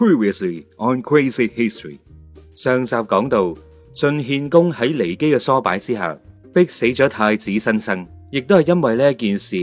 Previously on Crazy History，上集講到晉獻公喺驪姬嘅梳擺之下，逼死咗太子申生，亦都係因為呢一件事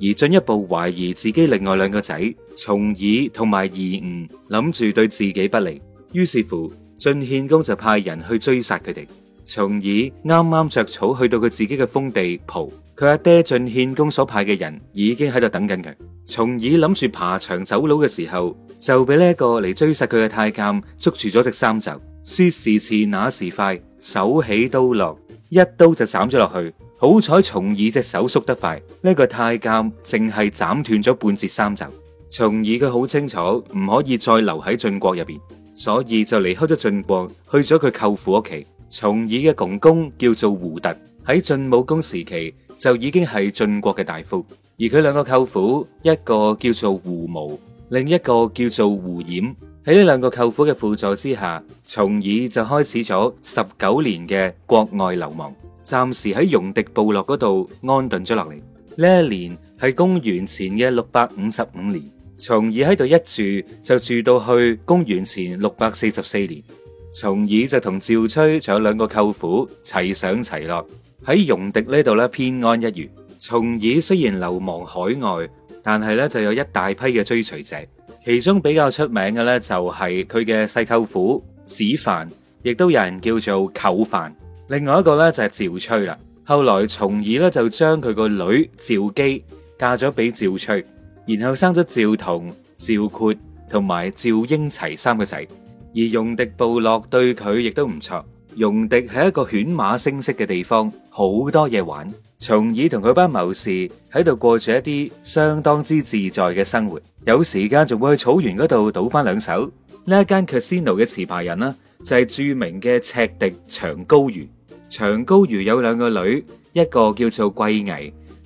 而進一步懷疑自己另外兩個仔重耳同埋夷吾，諗住對自己不利，於是乎晉獻公就派人去追殺佢哋，重耳啱啱着草去到佢自己嘅封地蒲。佢阿爹晉獻公所派嘅人已經喺度等緊佢。重耳諗住爬牆走佬嘅時候，就俾呢一個嚟追殺佢嘅太監捉住咗隻衫袖，說時遲那時快，手起刀落，一刀就斬咗落去。好彩重耳隻手縮得快，呢個太監淨係斬斷咗半截衫袖。重耳佢好清楚唔可以再留喺晉國入邊，所以就離開咗晉國，去咗佢舅父屋企。重耳嘅公公叫做胡突，喺晉武公時期。就已經係晉國嘅大夫，而佢兩個舅父，一個叫做狐毛，另一個叫做狐偃。喺呢兩個舅父嘅輔助之下，重耳就開始咗十九年嘅國外流亡，暫時喺戎狄部落嗰度安頓咗落嚟。呢一年係公元前嘅六百五十五年，重耳喺度一住就住到去公元前六百四十四年，重耳就同趙崔仲有兩個舅父齊上齊落。喺戎狄呢度咧，偏安一隅。重耳雖然流亡海外，但係咧就有一大批嘅追隨者，其中比較出名嘅咧就係佢嘅細舅父子犯，亦都有人叫做舅犯。另外一個咧就係、是、趙衰啦。後來重耳呢，就將佢個女趙姬嫁咗俾趙衰，然後生咗趙同、趙括同埋趙嬰齊三個仔。而戎狄部落對佢亦都唔錯。容狄係一個犬馬聲色嘅地方，好多嘢玩。重耳同佢班謀士喺度過住一啲相當之自在嘅生活，有時間仲會去草原嗰度賭翻兩手。呢一間 casino 嘅持牌人呢，就係著名嘅赤狄長高如。長高如有兩個女，一個叫做桂毅，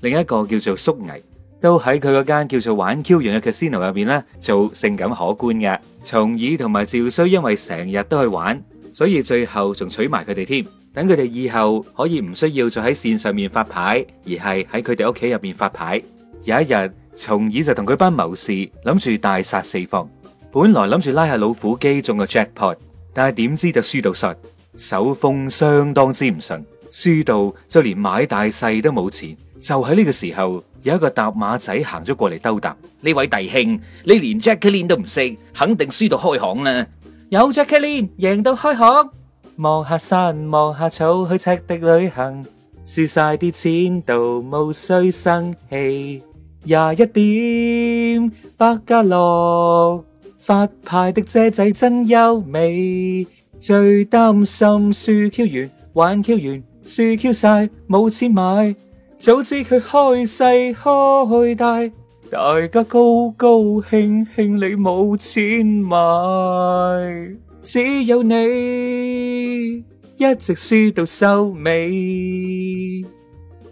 另一個叫做淑毅，都喺佢嗰間叫做玩 Q 園嘅 casino 入面啦，做性感可觀嘅。重耳同埋趙衰因為成日都去玩。所以最後仲娶埋佢哋添，等佢哋以後可以唔需要再喺線上面發牌，而係喺佢哋屋企入面發牌。有一日，重耳就同佢班謀士諗住大殺四方，本來諗住拉下老虎機中個 jackpot，但係點知就輸到甩，手風相當之唔順，輸到就連買大細都冇錢。就喺呢個時候，有一個搭馬仔行咗過嚟，兜搭呢位弟兄，你連 Jacklin 都唔識，肯定輸到開行啦。有著嘅練贏到開學，望下山望下草去赤地旅行，輸晒啲錢都無需生氣。廿一點百家樂發牌的姐仔真優美，最擔心輸 Q 完玩 Q 完輸 Q 晒冇錢買，早知佢開細開大。大家高高興興，你冇錢買，只有你一直輸到收尾。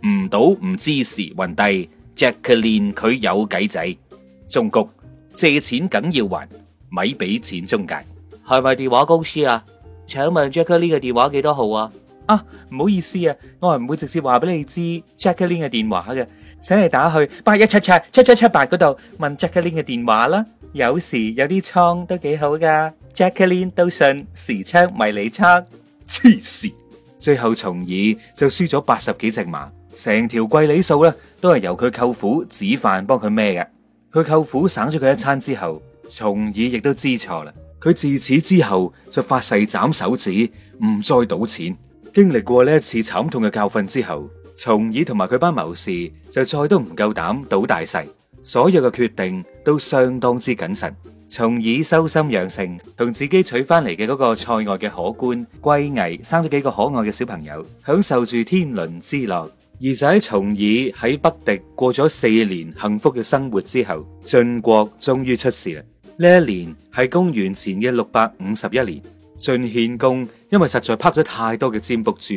唔賭唔知時運低，Jacqueline 佢有計仔。忠告借錢梗要還，咪俾錢中介。係咪電話公司啊？請問 Jacqueline 嘅電話幾多號啊？啊，唔好意思啊，我係唔會直接話俾你知 Jacqueline 嘅電話嘅。上嚟打去八一七七七七七八嗰度問 Jacqueline 嘅電話啦。有時有啲倉都幾好噶。Jacqueline 都信時槍迷你七黐線。最後崇義就輸咗八十幾隻馬，成條貴里數啦，都係由佢舅父子范幫佢孭嘅。佢舅父省咗佢一餐之後，崇義亦都知錯啦。佢自此之後就發誓斬手指，唔再賭錢。經歷過呢一次慘痛嘅教訓之後。重耳同埋佢班謀士就再都唔夠膽賭大細，所有嘅決定都相當之謹慎。重耳修心養性，同自己娶翻嚟嘅嗰個塞外嘅可官歸危，生咗幾個可愛嘅小朋友，享受住天倫之樂。而就喺重耳喺北狄過咗四年幸福嘅生活之後，晉國終於出事啦。呢一年係公元前嘅六百五十一年，晉獻公因為實在拍咗太多嘅占卜珠。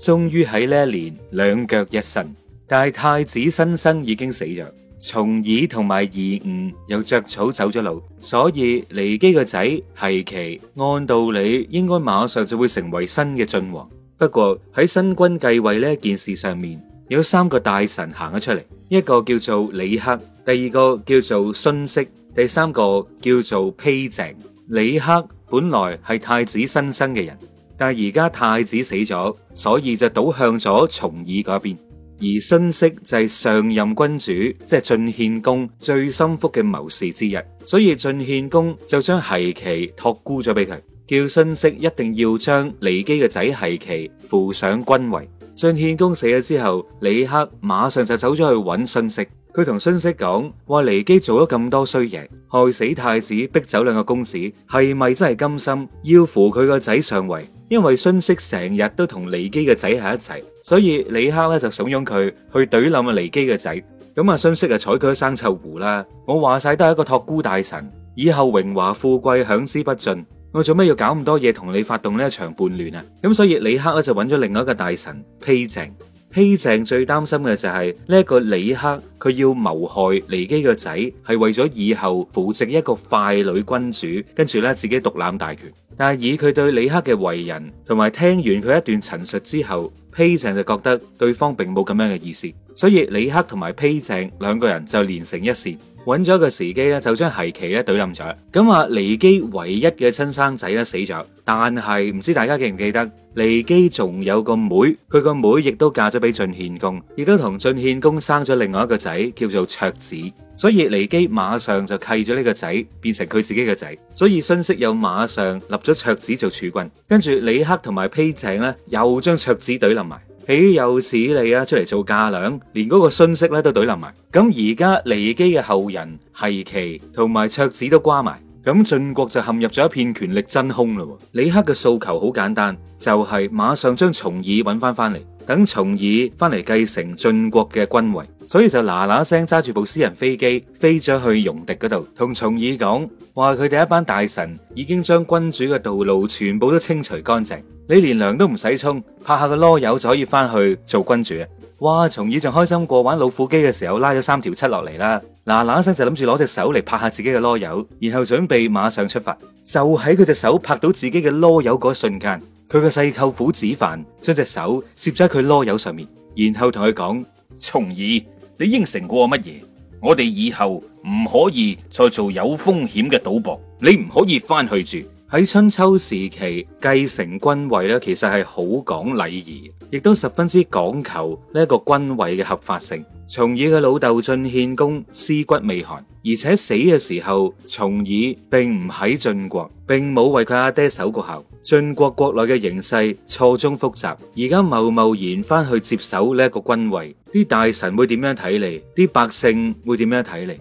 終於喺呢一年兩腳一伸，但係太子新生已經死咗，重耳同埋夷吾又着草走咗路，所以驪姬個仔奚齊，按道理應該馬上就會成為新嘅晉王。不過喺新君繼位呢件事上面，有三個大臣行咗出嚟，一個叫做李克，第二個叫做荀息，第三個叫做丕鄭。李克本來係太子新生嘅人。但係而家太子死咗，所以就倒向咗重耳嗰邊。而荀息就係上任君主即係晉獻公最心腹嘅謀士之一，所以晉獻公就將奚齊託孤咗俾佢，叫荀息一定要將驪姬嘅仔奚齊扶上君位。晉獻公死咗之後，李克馬上就走咗去揾荀息，佢同荀息講：話驪姬做咗咁多衰嘢，害死太子，逼走兩個公子，係咪真係甘心要扶佢個仔上位？因為荀息成日都同驪姬嘅仔喺一齊，所以李克咧就慫恿佢去懟冧啊驪姬嘅仔。咁、嗯、啊，荀息就采佢生臭狐啦。我話晒都係一個托孤大臣，以後榮華富貴享之不盡。我做咩要搞咁多嘢同你發動呢一場叛亂啊？咁、嗯、所以李克咧就揾咗另外一個大臣丕鄭。披正最擔心嘅就係呢一個李克，佢要謀害尼基嘅仔，係為咗以後扶植一個傀儡君主，跟住咧自己獨攬大權。但係以佢對李克嘅為人，同埋聽完佢一段陳述之後，披正就覺得對方並冇咁樣嘅意思，所以李克同埋披正兩個人就連成一線。揾咗個時機咧，就將奚齊咧懟冧咗。咁阿驪姬唯一嘅親生仔咧死咗，但係唔知大家記唔記得，驪姬仲有個妹，佢個妹亦都嫁咗俾晉獻公，亦都同晉獻公生咗另外一個仔叫做卓子。所以驪姬馬上就契咗呢個仔變成佢自己嘅仔，所以荀息又馬上立咗卓子做儲君，跟住李克同埋丕鄭咧又將卓子懟冧埋。豈有此理啊！出嚟做嫁娘，連嗰個信息咧都懟冧埋。咁而家驪姬嘅後人係奚齊同埋卓子都瓜埋，咁晉國就陷入咗一片權力真空嘞。李克嘅訴求好簡單，就係、是、馬上將重耳揾翻翻嚟，等重耳翻嚟繼承晉國嘅君位。所以就嗱嗱聲揸住部私人飛機飛咗去戎狄嗰度，同重耳講話：佢哋一班大臣已經將君主嘅道路全部都清除乾淨。你連糧都唔使衝，拍下個囉柚就可以翻去做君主啊！哇，重耳仲開心過玩老虎機嘅時候，拉咗三條七落嚟啦，嗱嗱聲就諗住攞隻手嚟拍下自己嘅囉柚，然後準備馬上出發。就喺佢隻手拍到自己嘅囉柚嗰一瞬間，佢個細舅父子凡將隻手攝咗喺佢囉柚上面，然後同佢講：重耳，你應承過我乜嘢？我哋以後唔可以再做有風險嘅賭博，你唔可以翻去住。喺春秋時期繼承君位咧，其實係好講禮儀，亦都十分之講求呢一個君位嘅合法性。重耳嘅老豆晉獻公屍骨未寒，而且死嘅時候，重耳並唔喺晉國，並冇為佢阿爹、爹守過後，晉國國內嘅形勢錯綜複雜，而家貿貿然翻去接手呢一個君位，啲大臣會點樣睇你？啲百姓會點樣睇你？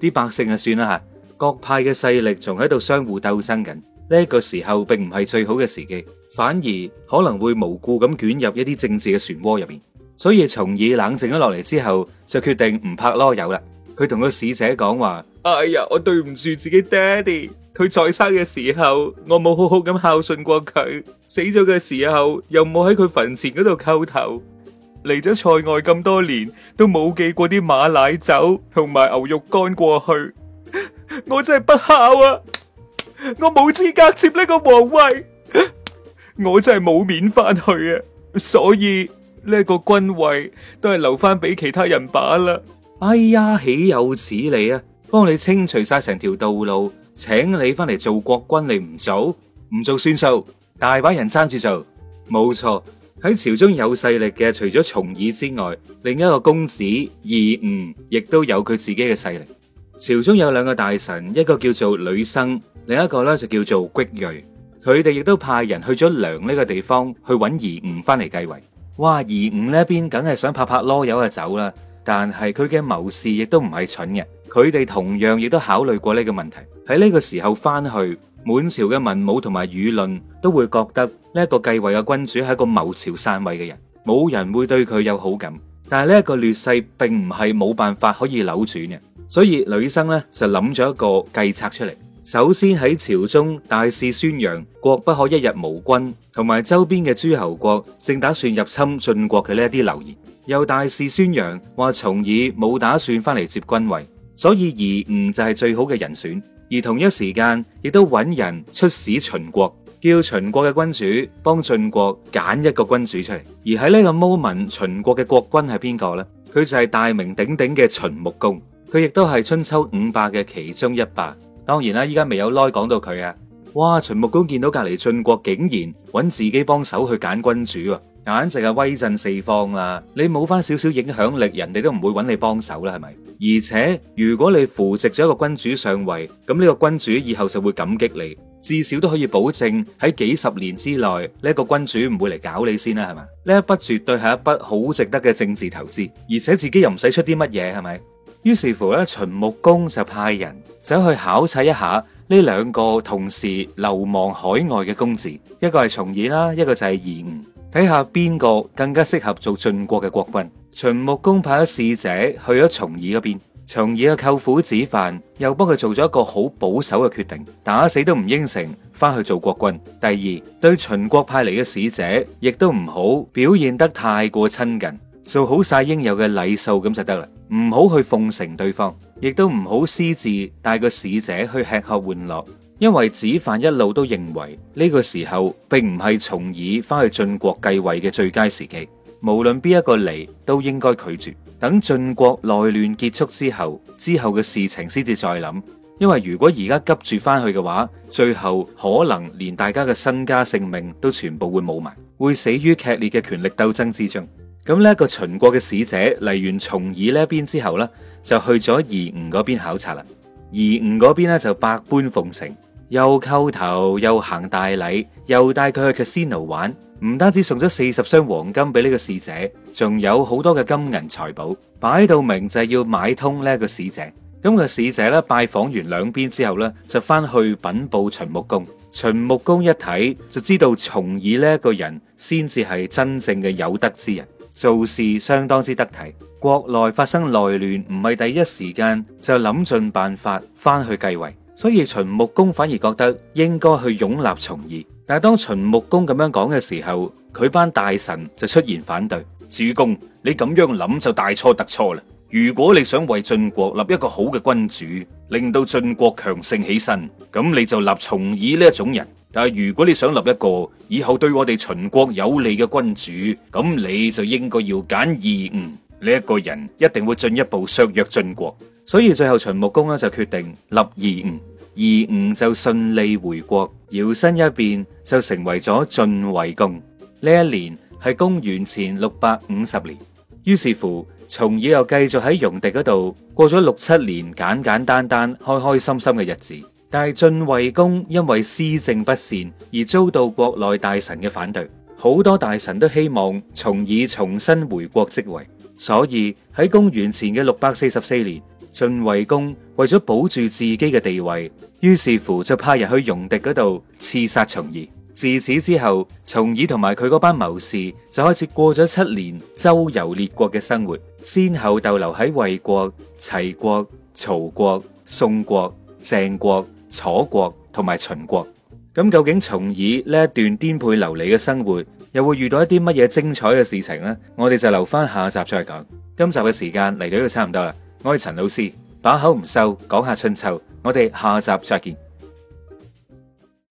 啲、啊、百姓啊，算啦吓。各派嘅勢力仲喺度相互鬥爭緊，呢個時候並唔係最好嘅時機，反而可能會無故咁捲入一啲政治嘅漩渦入面。所以，從而冷靜咗落嚟之後，就決定唔拍囉柚啦。佢同個使者講話：哎呀，我對唔住自己爹哋，佢在生嘅時候，我冇好好咁孝順過佢；死咗嘅時候，又冇喺佢墳前嗰度叩頭。嚟咗塞外咁多年，都冇寄過啲馬奶酒同埋牛肉乾過去。我真係不孝啊！我冇資格接呢個皇位，我真係冇面翻去啊！所以呢個君位都係留翻俾其他人把啦。哎呀，豈有此理啊！幫你清除晒成條道路，請你翻嚟做國君，你唔做唔做算數？大把人爭住做。冇錯，喺朝中有勢力嘅，除咗重耳之外，另一個公子夷吾，亦都有佢自己嘅勢力。朝中有兩個大臣，一個叫做呂甥，另一個咧就叫做郤芮。佢哋亦都派人去咗梁呢個地方去揾夷吾翻嚟繼位。哇，夷吾呢一邊梗係想拍拍囉柚就走啦。但係佢嘅謀士亦都唔係蠢嘅，佢哋同樣亦都考慮過呢個問題。喺呢個時候翻去，滿朝嘅文武同埋輿論都會覺得呢一個繼位嘅君主係一個謀朝篡位嘅人，冇人會對佢有好感。但係呢一個劣勢並唔係冇辦法可以扭轉嘅，所以呂生呢就諗咗一個計策出嚟。首先喺朝中大肆宣揚國不可一日無君，同埋周邊嘅諸侯國正打算入侵晉國嘅呢一啲流言。又大肆宣揚話重耳冇打算翻嚟接君位，所以夷吾就係最好嘅人選。而同一時間亦都揾人出使秦國。叫秦國嘅君主幫晉國揀一個君主出嚟，而喺呢個 moment，秦國嘅國君係邊個呢？佢就係大名鼎鼎嘅秦穆公，佢亦都係春秋五霸嘅其中一霸。當然啦，依家未有耐講到佢啊。哇，秦穆公見到隔籬晉國竟然揾自己幫手去揀君主啊，簡直係威震四方啊。你冇翻少少影響力，人哋都唔會揾你幫手啦，係咪？而且如果你扶植咗一個君主上位，咁呢個君主以後就會感激你。至少都可以保證喺幾十年之內呢一個君主唔會嚟搞你先啦，係嘛？呢一筆絕對係一筆好值得嘅政治投資，而且自己又唔使出啲乜嘢，係咪？於是乎咧，秦穆公就派人走去考察一下呢兩個同時流亡海外嘅公子，一個係重耳啦，一個就係夷吾，睇下邊個更加適合做晉國嘅國君。秦穆公派咗使者去咗重耳嗰邊。從而啊，舅父子范又幫佢做咗一個好保守嘅決定，打死都唔應承翻去做國君。第二，對秦國派嚟嘅使者，亦都唔好表現得太過親近，做好晒應有嘅禮數咁就得啦，唔好去奉承對方，亦都唔好私自帶，帶個使者去吃喝玩樂。因為子范一路都認為呢、這個時候並唔係從耳翻去晉國繼位嘅最佳時期，無論邊一個嚟都應該拒絕。等晉國內亂結束之後，之後嘅事情先至再諗，因為如果而家急住翻去嘅話，最後可能連大家嘅身家性命都全部會冇埋，會死於劇烈嘅權力鬥爭之中。咁呢一個秦國嘅使者嚟完重耳呢一邊之後呢就去咗夷吾嗰邊考察啦。夷吾嗰邊呢，就百般奉承，又叩頭，又行大禮，又帶佢去 casino 玩。唔單止送咗四十箱黃金俾呢個使者，仲有好多嘅金銀財寶，擺到明就係要買通呢一個使者。咁、這個使者咧拜訪完兩邊之後呢，就翻去稟報秦穆公。秦穆公一睇就知道，重耳呢一個人先至係真正嘅有德之人，做事相當之得體。國內發生內亂，唔係第一時間就諗盡辦法翻去繼位。所以秦穆公反而覺得應該去擁立重耳，但係當秦穆公咁樣講嘅時候，佢班大臣就出現反對。主公，你咁樣諗就大錯特錯啦！如果你想為晉國立一個好嘅君主，令到晉國強盛起身，咁你就立重耳呢一種人。但係如果你想立一個以後對我哋秦國有利嘅君主，咁你就應該要揀夷吾呢一個人，一定會進一步削弱晉國。所以最後秦穆公呢就決定立夷吾。而夷吾就順利回國，搖身一變就成為咗晉惠公。呢一年係公元前六百五十年，於是乎，重耳又繼續喺戎地嗰度過咗六七年簡簡單單、開開心心嘅日子。但係晉惠公因為施政不善，而遭到國內大臣嘅反對，好多大臣都希望重耳重新回國即位，所以喺公元前嘅六百四十四年。晉惠公為咗保住自己嘅地位，於是乎就派人去戎狄嗰度刺殺重耳。自此之後，重耳同埋佢嗰班謀士就開始過咗七年周遊列國嘅生活，先後逗留喺魏國、齊國、曹國、宋國、鄭國、楚國同埋秦國。咁究竟重耳呢一段顛沛流離嘅生活，又會遇到一啲乜嘢精彩嘅事情呢？我哋就留翻下，下集再講。今集嘅時間嚟到呢度差唔多啦。我係陳老師，把口唔收，講下春秋，我哋下集再見。